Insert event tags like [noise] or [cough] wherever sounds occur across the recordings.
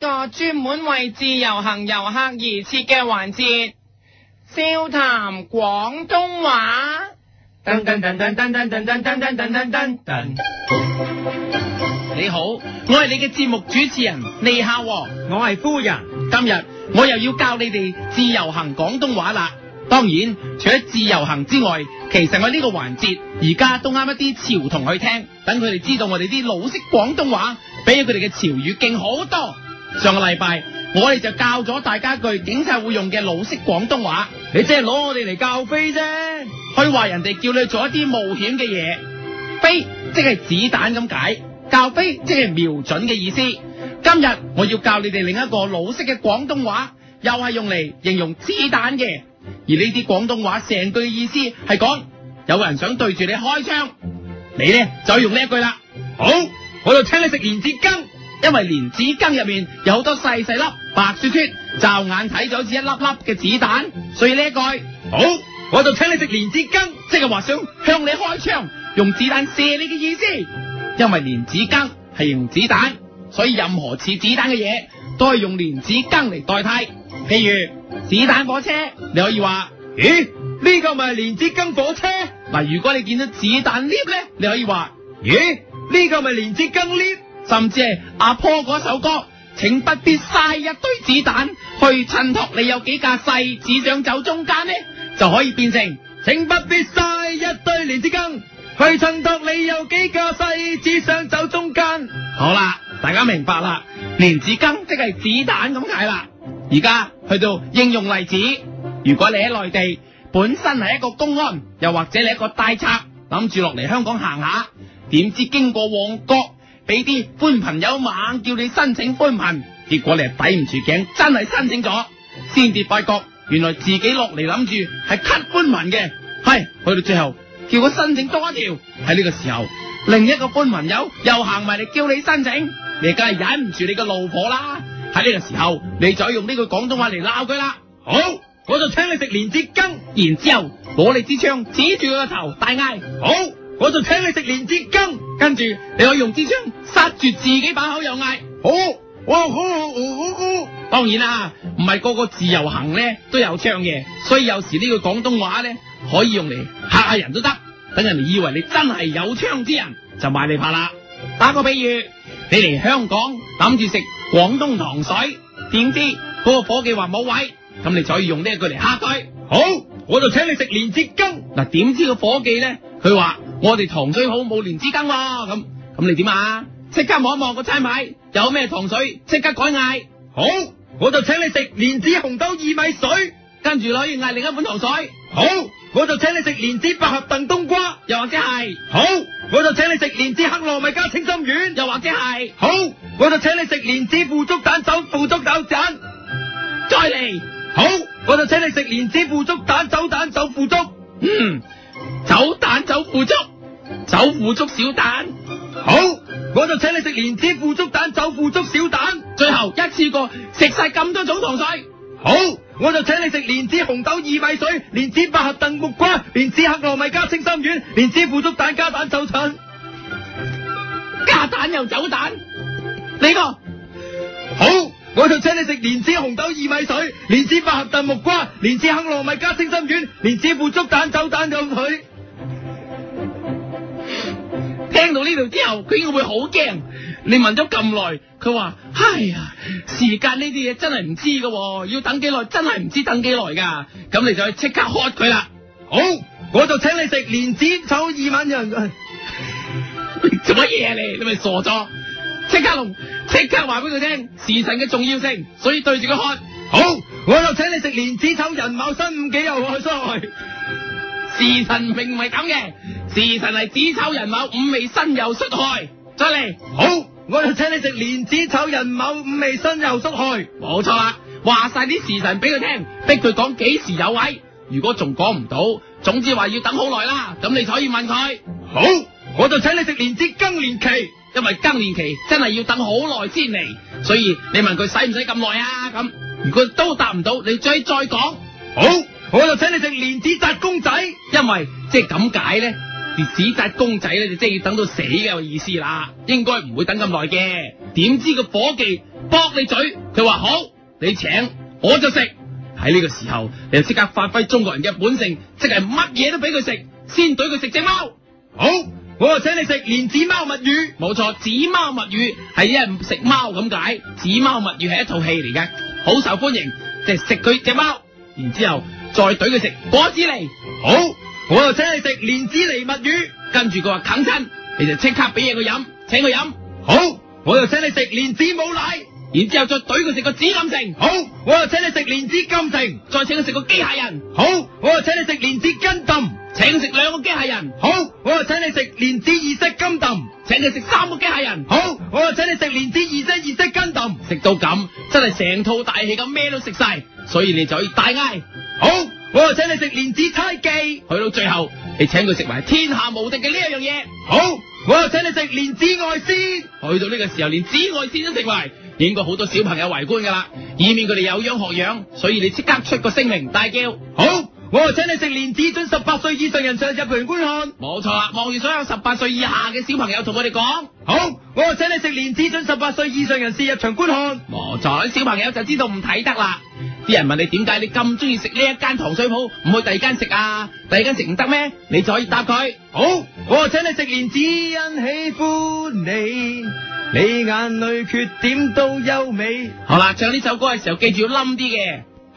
個專門為自由行遊客而設嘅環節，笑談廣東話。你好，我係你嘅節目主持人利孝，我係夫人。今日我又要教你哋自由行廣東話啦。當然，除咗自由行之外，其實我呢個環節而家都啱一啲潮童去聽，等佢哋知道我哋啲老式廣東話，比佢哋嘅潮語勁好多。上個禮拜我哋就教咗大家句警察會用嘅老式廣東話，你即係攞我哋嚟教飛啫，去話人哋叫你做一啲冒險嘅嘢，飛即係子彈咁解，教飛即係瞄準嘅意思。今日我要教你哋另一個老式嘅廣東話，又係用嚟形容子彈嘅，而呢啲廣東話成句意思係講有人想對住你開槍，你呢就用呢一句啦。好，我就請你食蓮子羹。因為蓮子羹入面有好多細細粒白雪雪，驟眼睇咗好似一粒粒嘅子彈，所以呢一句：「好，我就請你食蓮子羹，即係話想向你開槍，用子彈射你嘅意思。因為蓮子羹係用子彈，所以任何似子彈嘅嘢都係用蓮子羹嚟代替。譬如子彈火車，你可以話：咦，呢個咪蓮子羹火車？嗱，如果你見到子彈 lift 咧，你可以話：咦，呢個咪蓮子羹 lift？甚至係阿波嗰首歌，請不必嘥一堆子彈去襯托你有幾架勢只想走中間呢，就可以變成請不必嘥一堆蓮子羹去襯托你有幾架勢只想走中間。好啦，大家明白啦，蓮子羹即係子彈咁解啦。而家去到應用例子，如果你喺內地本身係一個公安，又或者你一個大賊，諗住落嚟香港行下，點知經過旺角？俾啲官朋友猛叫你申請官民，結果你係抵唔住頸，真係申請咗，先至發覺原來自己落嚟諗住係 cut 官民嘅，係、哎、去到最後叫佢申請多一條。喺呢個時候，另一個官文友又行埋嚟叫你申請，你梗係忍唔住你嘅老婆啦。喺呢個時候，你再用呢句廣東話嚟鬧佢啦。好，我就請你食蓮子羹，然之後攞你支槍指住佢個頭大嗌好。我就請你食連接羹，跟住你可以用支槍殺住自己把口又嗌好，哇、哦、好，好、哦，好、哦，好、哦哦哦。當然啦、啊，唔係個個自由行咧都有槍嘅，所以有時呢句廣東話咧可以用嚟嚇下人都得，等人哋以為你真係有槍之人就買你怕啦。打個比喻，你嚟香港諗住食廣東糖水，點知嗰個夥計話冇位，咁你就可以用呢一句嚟嚇佢好。我就請你食蓮子羹，嗱，點知個夥計咧？佢話我哋糖水好，冇蓮子羹，咁咁你點啊？即刻望一望個餐牌，有咩糖水？即刻改嗌，好，我就請你食蓮子紅豆薏米水，跟住可以嗌另一碗糖水，好，我就請你食蓮子百合燉冬瓜，又或者係，好，我就請你食蓮子黑糯米加清心丸，又或者係，好，我就請你食蓮子腐竹蛋酒腐竹豆盞，再嚟，好。我就請你食蓮子腐竹蛋走蛋走腐竹，嗯，走蛋走腐竹，走腐竹小蛋，好，我就請你食蓮子腐竹蛋走腐竹小蛋，最後一次過食晒咁多種糖水，好，我就請你食蓮子紅豆薏米水，蓮子百合燉木瓜，蓮子黑糯米加清心丸，蓮子腐竹蛋加蛋就襯，加蛋，加蛋又走蛋，嚟個，好。我就請你食蓮子紅豆薏米水，蓮子百合燉木瓜，蓮子杏糯米加清心丸，蓮子腐竹蛋酒蛋飲佢。 [laughs] 聽到呢度之後，佢應該會好驚。你問咗咁耐，佢話：哎呀，時間呢啲嘢真係唔知噶、哦，要等幾耐真係唔知等幾耐噶。咁你就去即刻喝佢啦。好，我就請你食蓮子酒薏米人。 [laughs] 做乜嘢、啊、你你咪傻咗？即刻龍，即刻話俾佢聽時辰嘅重要性，所以對住佢看。好，我就請你食蓮子丑寅卯申午巳酉亥戌亥。時辰並唔係咁嘅，時辰係子丑寅卯午未申酉戌亥。再嚟，好，我就請你食蓮子丑寅卯午未申酉戌亥。冇錯啦，話晒啲時辰俾佢聽，逼佢講幾時有位。如果仲講唔到，總之話要等好耐啦。咁你可以問佢。好，我就請你食蓮子更年期。因為更年期真係要等好耐先嚟，所以你問佢使唔使咁耐啊？咁如果都答唔到，你再再講。好，我就請你食蓮子紮公仔。因為即係咁解咧，蓮子紮公仔咧就即係要等到死嘅意思啦。應該唔會等咁耐嘅。點知個伙計駁你嘴，佢話好，你請我就食。喺呢個時候，你就即刻發揮中國人嘅本性，即係乜嘢都俾佢食，先懟佢食隻貓。好。我又請你食蓮子貓物語，冇錯，子貓物語係一人食貓咁解。子貓物語係一套戲嚟嘅，好受歡迎。即係食佢隻貓，然之後再懟佢食果子狸。好，我又請你食蓮子狸物語。跟住佢話啃親，你就即刻俾嘢佢飲，請佢飲。好，我又請你食蓮子冇奶，然之後再懟佢食個紫禁城。好，我又請你食蓮子金城，再請佢食個機械人。好，我又請你食蓮子金氹。請食兩個機械人，好，我就請你食蓮子二色金燉；請你食三個機械人，好，我就請你食蓮子二色二色金燉。食到咁，真係成套大戲咁，咩都食晒，所以你就可以大嗌：好，我就請你食蓮子猜忌。去到最後，你請佢食埋天下無敵嘅呢一樣嘢，好，我就請你食蓮子外線。去到呢個時候，蓮紫外線都食埋。為應該好多小朋友圍觀噶啦，以免佢哋有樣學樣，所以你即刻出個聲明，大叫好。我請你食蓮子，准十八歲以上人士入場觀看。冇錯啦，望住所有十八歲以下嘅小朋友同我哋講。好，我請你食蓮子，准十八歲以上人士入場觀看。冇錯，小朋友就知道唔睇得啦。啲人問你點解你咁中意食呢一間糖水鋪，唔去第二間食啊？第二間食唔得咩？你就可以答佢。好， 我請你食蓮子， [music] 因喜歡你，你眼淚缺點都優美。好啦，唱呢首歌嘅時候，記住要冧啲嘅。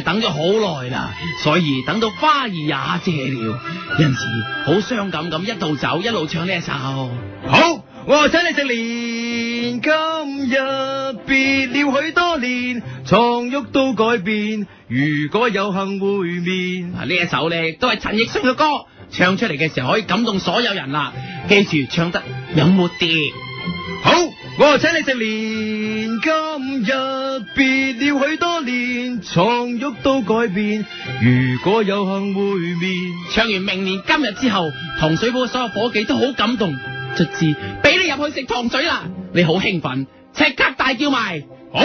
等咗好耐啦，所以等到花兒也謝了，因此好傷感咁一路走一路唱呢一首。好，我請你食年，今日別了許多年，重遇都改變。如果有幸會面，啊，呢一首咧都係陳奕迅嘅歌，唱出嚟嘅時候可以感動所有人啦。記住唱得有沒跌。好。我就、oh, 請你食年，今日別了許多年，床褥都改變。如果有幸會面，唱完明年今日之後，糖水鋪所有伙計都好感動，卒之俾你入去食糖水啦！你好興奮，即刻大叫埋：好！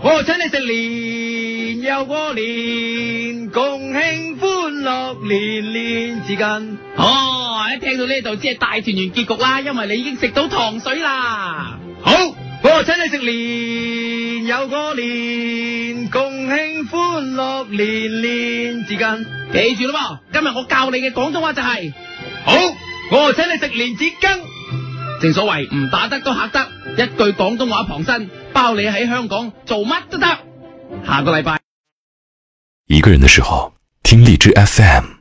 我、oh, 就請你食年又過年，共慶歡樂年年至間。哦，一聽到呢度，即係大團圓結局啦，因為你已經食到糖水啦。好，我請你食蓮，有個蓮，共慶歡樂年年至根。記住啦嘛，今日我教你嘅廣東話就係，好，我請你食蓮子羹。正所謂唔打得都嚇得，一句廣東話旁身，包你喺香港做乜都得。下個禮拜，一個人嘅時候聽荔枝 FM。